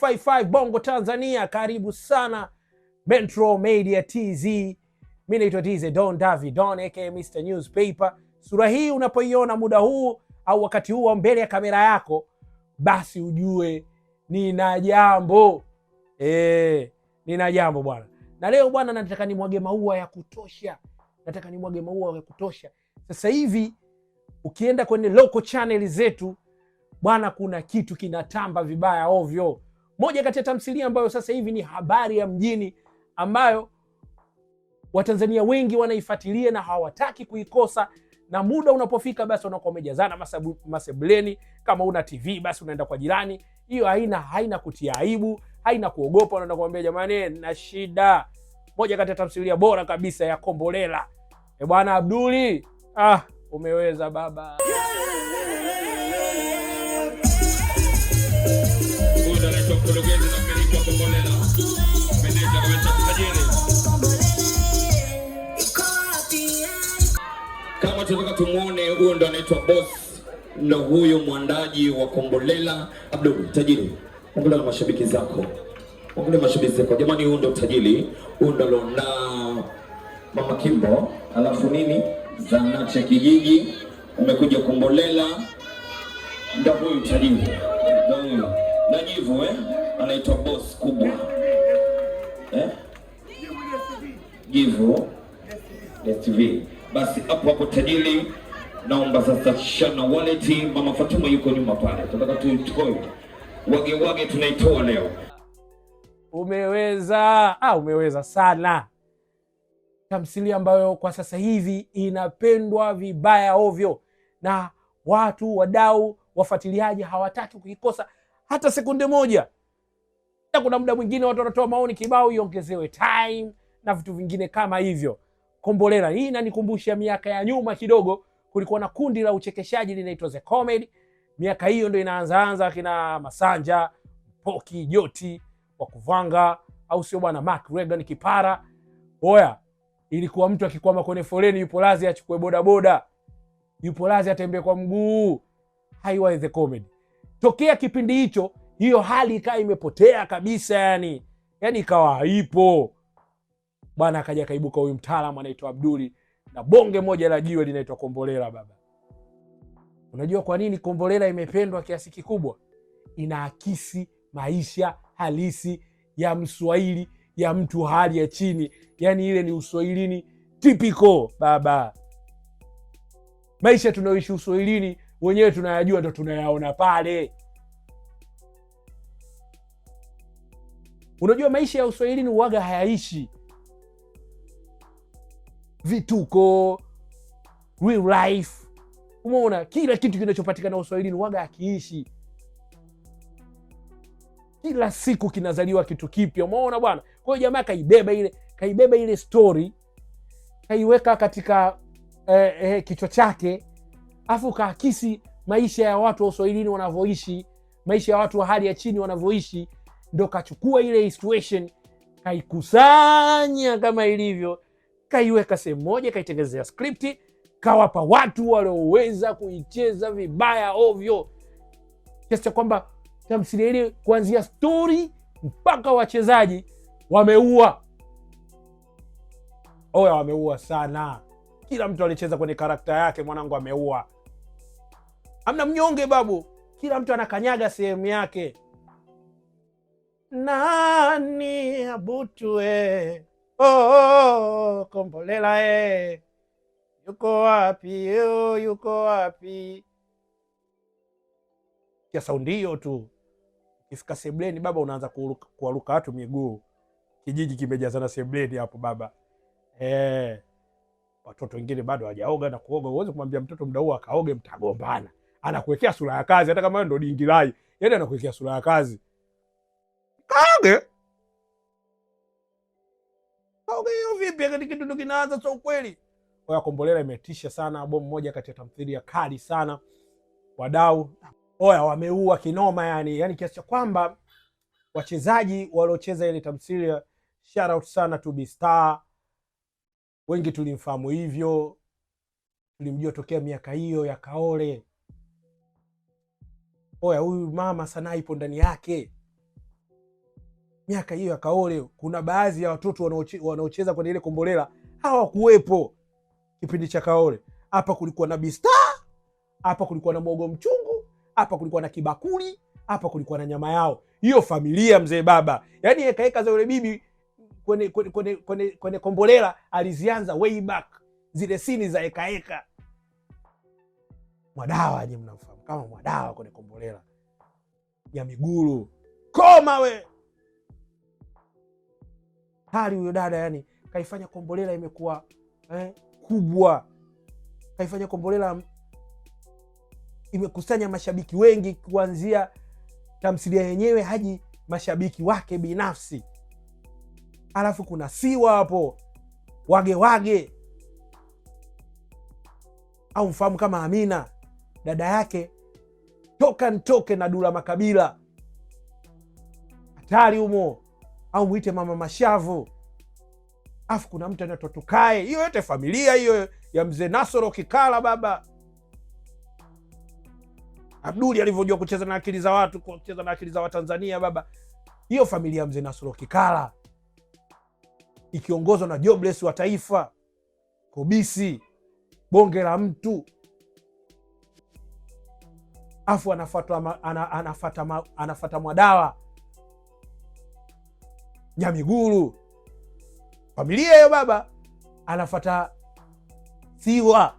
255 Bongo Tanzania, karibu sana Metro Media TZ. Mi naitwa TZ Don David Don aka Mr Newspaper. Sura hii unapoiona muda huu au wakati huu mbele ya kamera yako, basi ujue nina jambo e, nina jambo bwana. Na leo bwana, nataka nimwage maua ya kutosha, nataka nimwage maua ya kutosha. Sasa hivi ukienda kwenye local channel zetu bwana, kuna kitu kinatamba vibaya ovyo moja kati ya tamthilia ambayo sasa hivi ni habari ya mjini ambayo Watanzania wengi wanaifuatilia na hawataki kuikosa, na muda unapofika basi unakuwa umejazana masebuleni. Kama una TV basi unaenda kwa jirani. Hiyo haina haina kutia aibu, haina kuogopa. Unaenda kumwambia jamani, na shida. Moja kati ya tamthilia bora kabisa ya Kombolela. E bwana Abduli, ah, umeweza baba. Kologeni na Kama tunataka tumuone, huyo ndo anaitwa boss na huyo mwandaji wa Kombolela Abdul Tajiri. Ongea na mashabiki zako. Ongea na mashabiki zako. Jamani, huyo ndo Tajiri, huyo ndo Lona Mama Kimbo, alafu nini? Zanati ya kijiji umekuja Kombolela, ndo huyu Tajiri. Ndio huyo na jivu eh? Anaitwa boss kubwa eh? Jivu STV. Basi hapo hapo tajiri, naomba sasa shana wallet. Mama Fatuma yuko nyuma pale, tunataka tuitoe wage wage, tunaitoa leo. Umeweza ah, umeweza sana tamthilia ambayo kwa sasa hivi inapendwa vibaya ovyo na watu wadau, wafuatiliaji hawataki kukikosa hata sekunde moja. Na Kuna muda mwingine watu wanatoa maoni kibao, iongezewe time na vitu vingine kama hivyo. Kombolela hii inanikumbusha miaka ya nyuma kidogo, kulikuwa na kundi la uchekeshaji linaitwa The Comedy. Miaka hiyo ndio inaanzaanza, akina Masanja Poki Joti wa Kuvanga, au sio bwana, Mark Regan Kipara. Oya, ilikuwa mtu akikwama kwenye foleni, yupo lazi achukue bodaboda, yupo lazi atembee kwa mguu. Haiwa The Comedy tokea kipindi hicho hiyo hali ikawa imepotea kabisa, yani yani ikawa haipo bwana. Akaja akaibuka huyu mtaalamu anaitwa Abduli na bonge moja la jiwe linaitwa kombolela. Baba, unajua kwa nini kombolela imependwa kiasi kikubwa? Inaakisi maisha halisi ya Mswahili, ya mtu hali ya chini, yani ile ni uswahilini tipiko baba, maisha tunayoishi uswahilini wenyewe tunayajua, ndo tunayaona pale. Unajua, maisha ya uswahilini uwaga hayaishi vituko, real life. Umeona, kila kitu kinachopatikana uswahilini uwaga akiishi kila siku kinazaliwa kitu kipya. Umeona bwana? Kwa hiyo jamaa kaibeba ile kaibeba ile stori kaiweka katika eh, eh, kichwa chake afu kaakisi maisha ya watu wa uswahilini wanavyoishi, maisha ya watu wa hali ya chini wanavyoishi, ndo kachukua ile situation kaikusanya kama ilivyo, kaiweka sehemu moja, kaitengenezea skripti, kawapa watu walioweza kuicheza vibaya ovyo kiasi cha kwamba tamthilia ile kuanzia stori mpaka wachezaji wameua oya, wameua sana. Kila mtu alicheza kwenye karakta yake, mwanangu, ameua hamna mnyonge babu, kila mtu anakanyaga sehemu yake. Nani abutue oh, oh, oh, kombolela eh. Yuko wapi oh, yuko wapi? ya saundi hiyo tu, ukifika sebleni baba, unaanza kuwaruka watu miguu. Kijiji kimejazana sebleni hapo baba eh. Watoto wengine bado hawajaoga na kuoga, huwezi kumwambia mtoto mda huo akaoge, mtagombana anakuwekea sura ya kazi, hata kama ndo dingirai, yani anakuwekea sura ya kazi. Kaoge kaoge hiyo vipi? Akati kitu kinaanza cha ukweli. Oya Kombolela imetisha sana, bomu moja kati ya tamthilia kali sana, wadau oya wameua kinoma, yani yani kiasi cha kwamba wachezaji waliocheza ile tamthilia, shout out sana to be star wengi tulimfahamu hivyo, tulimjua tokea miaka hiyo ya Kaole, oya, huyu mama sanaa ipo ndani yake. Miaka hiyo ya Kaole, kuna baadhi ya watoto wanaocheza kwenye ile kombolela hawakuwepo kipindi cha Kaole. Hapa kulikuwa na Bista, hapa kulikuwa na mwogo mchungu, hapa kulikuwa na kibakuli, hapa kulikuwa na nyama yao. Hiyo familia mzee baba, yaani hekaheka za yule bibi kwenye, kwenye, kwenye, kwenye, kwenye kombolela alizianza way back, zile sini za hekaheka. Mwadawa nye mnamfahamu? kama Mwadawa kwenye Kombolela, miguru koma we hali huyo dada yani kaifanya Kombolela imekuwa eh, kubwa, kaifanya Kombolela imekusanya mashabiki wengi, kuanzia tamthilia yenyewe haji mashabiki wake binafsi. Alafu kuna Siwa hapo wage wage, au mfahamu kama Amina, dada yake toka ntoke na Dula Makabila. Hatari humo, au mwite mama mashavu. Afu kuna mtu anaitwa Tukae. Hiyo yote familia hiyo ya mzee Nasoro Kikala, baba Abduli alivyojua kucheza na akili za watu, kucheza na akili za Watanzania, baba. Hiyo familia ya mzee Nasoro Kikala ikiongozwa na Jobless wa Taifa, Kobisi, bonge la mtu afu anafata anafata anafata Mwadawa, Nyamiguru, familia hiyo baba, anafata Siwa,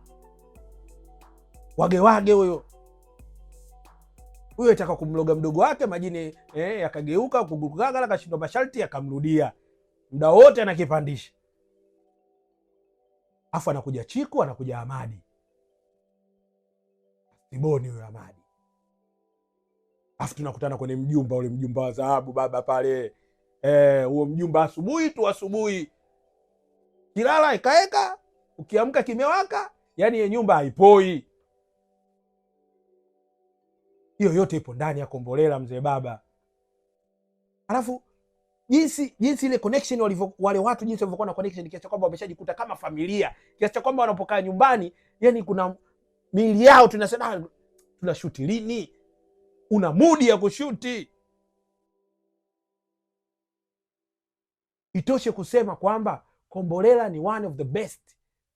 Wagewage huyo huyo, itaka kumloga mdogo wake majini eh, yakageuka kugukagala akashindwa masharti, akamrudia muda wote anakipandisha, afu anakuja Chiku, anakuja Amadi Siboni huyo Amadi afu tunakutana kwenye mjumba ule mjumba wa dhahabu baba pale eh, huo mjumba asubuhi tu asubuhi, kilala ikaeka, ukiamka kimewaka, yani ye nyumba haipoi. Hiyo yote ipo ndani ya Kombolela mzee baba. Alafu jinsi jinsi ile connection walivyo wale watu jinsi walivyokuwa na connection, kiasi cha kwamba wameshajikuta kama familia, kiasi cha kwamba wanapokaa nyumbani, yani kuna mili yao tunasema ah, tunashuti lini una mudi ya kushuti. Itoshe kusema kwamba Kombolela ni one of the best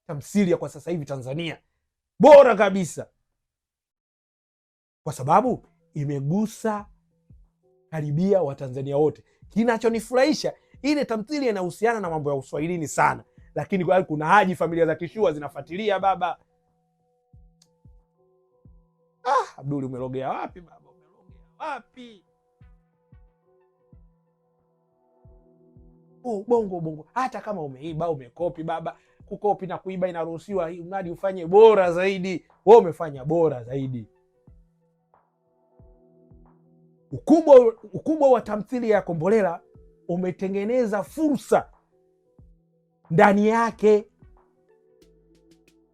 tamthilia kwa sasa hivi Tanzania, bora kabisa, kwa sababu imegusa karibia Watanzania wote. Kinachonifurahisha, ile tamthilia inahusiana na mambo ya uswahilini sana, lakini kuna haji familia za kishua zinafuatilia baba. Ah, Abduli wapi baba? wapi? bongo bongo, hata kama umeiba umekopi, baba kukopi na kuiba inaruhusiwa, hii mradi ufanye bora zaidi. Wewe umefanya bora zaidi. Ukubwa ukubwa wa tamthilia ya Kombolela umetengeneza fursa ndani yake,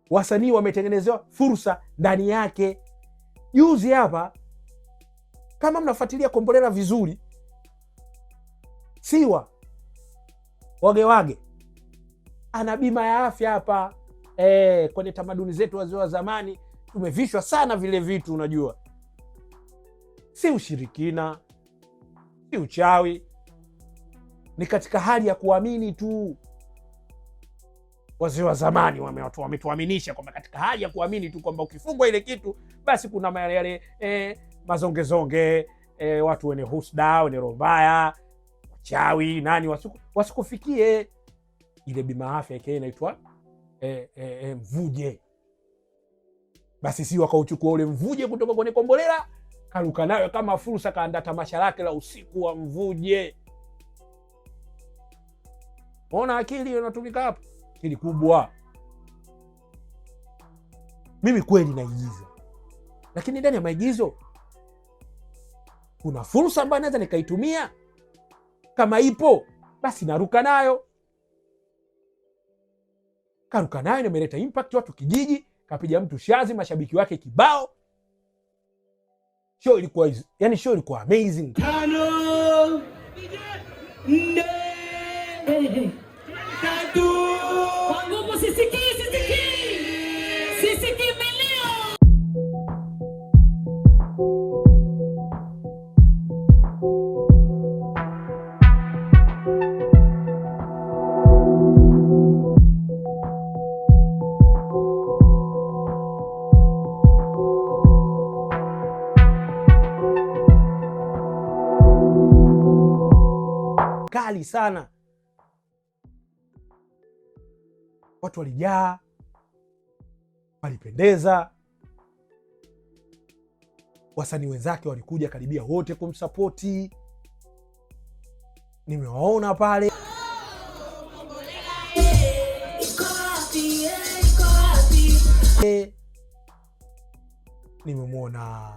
wasanii wametengenezewa fursa ndani yake. Juzi hapa kama mnafuatilia Kombolela vizuri, Siwa Wagewage ana bima ya afya hapa. E, kwenye tamaduni zetu wazee wa zamani tumevishwa sana vile vitu. Unajua, si ushirikina, si uchawi, ni katika hali ya kuamini tu. Wazee wa zamani wametuaminisha kwamba katika hali ya kuamini tu kwamba ukifungwa ile kitu basi kuna yale eh, mazongezonge e, eh, watu wenye husda, wenye roho mbaya, wachawi, nani wasikufikie. Ile bima afya ikee inaitwa e, e, e, mvuje. Basi si wakauchukua ule mvuje kutoka kwenye kombolela, karuka nayo kama fursa, kaanda tamasha lake la usiku wa mvuje. Ona akili inatumika hapo, akili kubwa. Mimi kweli naigiza, lakini ndani ya maigizo kuna fursa ambayo naweza nikaitumia? Kama ipo basi naruka nayo. Karuka nayo, nimeleta impact, watu kijiji, kapiga mtu shazi, mashabiki wake kibao. Show ilikuwa yani, show ilikuwa amazing. Tano, nne, tatu kali sana, watu walijaa, walipendeza wasanii wenzake walikuja karibia wote kumsapoti, nimewaona pale. Nimemwona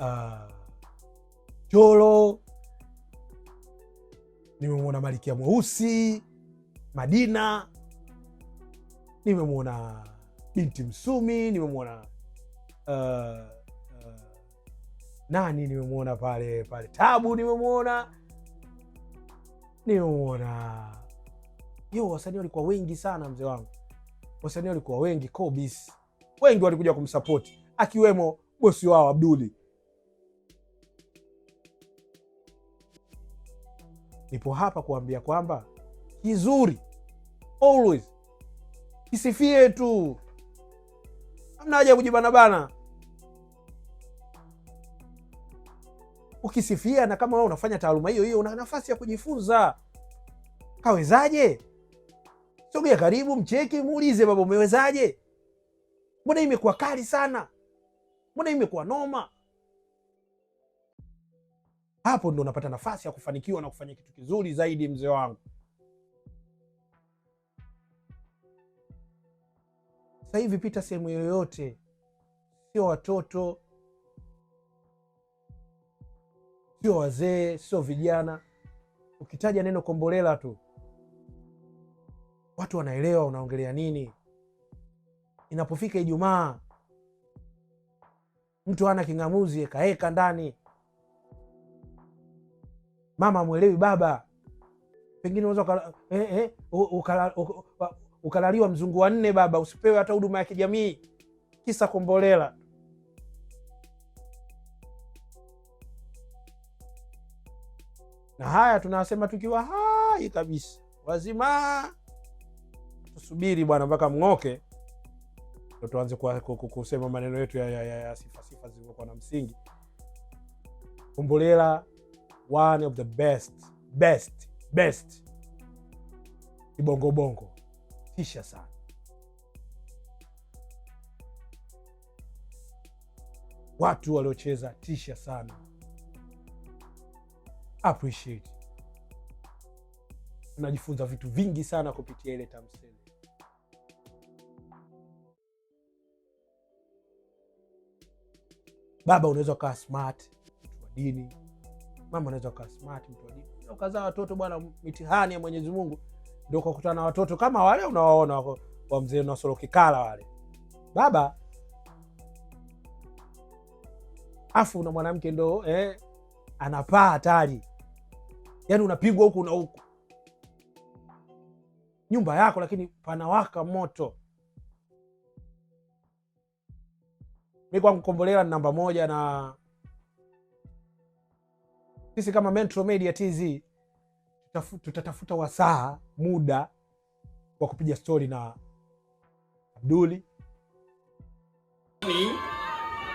uh, Cholo nimemwona malikia Mweusi Madina, nimemwona Binti Msumi, nimemwona uh, uh, nani, nimemwona pale pale Tabu, nimemwona nimemwona yo, wasanii walikuwa wengi sana, mzee wangu, wasanii walikuwa wengi, Kobis, wengi walikuja kumsapoti akiwemo bosi wao Abduli nipo hapa kuambia kwamba kizuri always kisifie tu, hamna haja ya kujibanabana. Ukisifia na kama wewe unafanya taaluma hiyo hiyo, una nafasi ya kujifunza. Kawezaje? Sogea karibu, mcheki, muulize, baba, umewezaje? Mbona imekuwa kali sana? Mbona imekuwa noma? hapo ndo unapata nafasi ya kufanikiwa na kufanya kitu kizuri zaidi, mzee wangu. Sasa hivi pita sehemu yoyote, sio watoto, sio wazee, sio vijana. Ukitaja neno Kombolela tu watu wanaelewa unaongelea nini. Inapofika Ijumaa, mtu ana king'amuzi, ekaeka ndani mama mwelewi baba, pengine unaweza eh, eh, ukalaliwa mzungu wa nne baba, usipewe hata huduma ya kijamii kisa kombolela. Na haya tunasema tukiwa hai kabisa, wazima. Tusubiri bwana mpaka mng'oke, ndo tuanze kusema maneno yetu ya, ya, ya, ya sifa sifa zilizokuwa na msingi kombolela one of the best best best kibongobongo, tisha sana. Watu waliocheza tisha sana, appreciate. unajifunza vitu vingi sana kupitia ile tamthilia. Baba unaweza ukawa smart, wa dini mama anaweza kuwa smart, mtu ukazaa watoto bwana, mitihani ya Mwenyezi Mungu ndio ukakutana na watoto kama wale unawaona wako wa mzee solo Kikala wale baba afu na mwanamke ndo eh, anapaa hatari, yaani unapigwa huku na huku, nyumba yako lakini panawaka moto. Mi kwangu Kombolela ni namba moja na sisi kama Metro Media TZ tutatafuta wasaa, muda wa kupiga stori na Abduli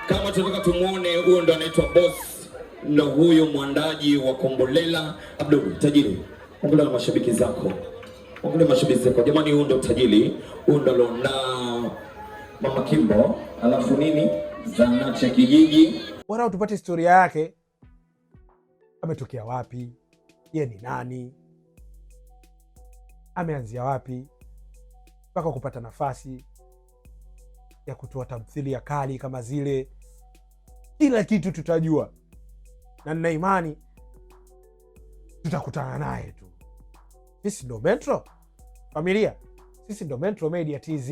kama tunataka tumwone, huyo ndo anaitwa boss, ndo huyo mwandaji wa Kombolela Abdul Tajiri. Ongea na mashabiki zako, ongea na mashabiki zako jamani, huyo ndo Tajiri, huyo ndo Lona Mama Kimbo, alafu nini zanati kijiji, wala tupate historia yake ametokea wapi, ye ni nani, ameanzia wapi mpaka kupata nafasi ya kutoa tamthilia kali kama zile. Kila kitu tutajua, na nina imani tutakutana naye tu. Sisi ndo Metro familia, sisi ndo Metro Media TZ,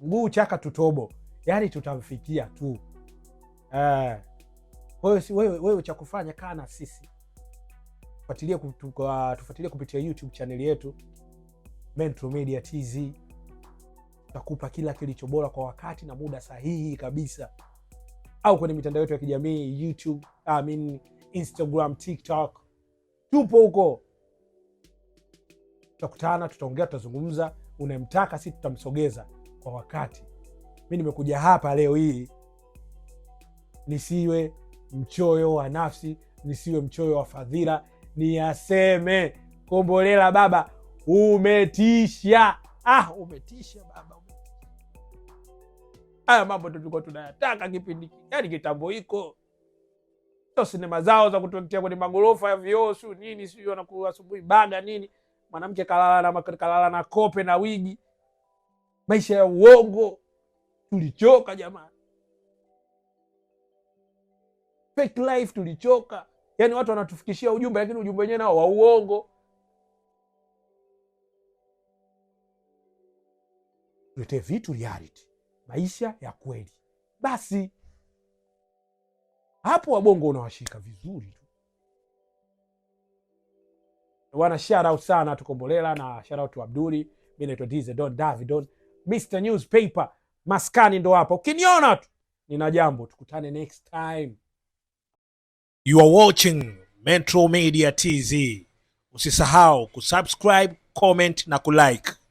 mguu chaka tutobo, yani tutamfikia tu. Uh, wewe, wewe, wewe cha kufanya kaa na sisi tufuatilie tufuatilie kupitia YouTube chaneli yetu Metro Media TZ. Tutakupa kila kilicho bora kwa wakati na muda sahihi kabisa, au kwenye mitandao yetu ya kijamii YouTube, I mean, Instagram, TikTok, tupo huko. Tutakutana, tutaongea, tutazungumza. Unayemtaka si tutamsogeza kwa wakati. Mi nimekuja hapa leo hii nisiwe mchoyo wa nafsi, nisiwe mchoyo wa fadhila niyaseme. Kombolela baba, umetisha. Ah, umetisha baba. Haya mambo ndo tulikuwa tunayataka kipindi, yani kitambo hiko ndo sinema zao za kutuletea kwenye magorofa ya vioo, siu nini, siu anakuwa asubuhi baga nini, mwanamke kalala na kalala na kope na wigi, maisha ya uongo. Tulichoka jamani, fake life tulichoka. Yaani watu wanatufikishia ujumbe, lakini ujumbe wenyewe nao wa uongo. Tuletee vitu reality, maisha ya kweli. Basi hapo wabongo unawashika vizuri tu bwana. sharaut sana tukombolela na shout tu Abduli. Mi naitwa Dize Don Davidon, Mr Newspaper maskani, ndo hapa ukiniona tu nina jambo. Tukutane next time. You are watching Metro Media tv Usisahau kusubscribe, comment na kulike.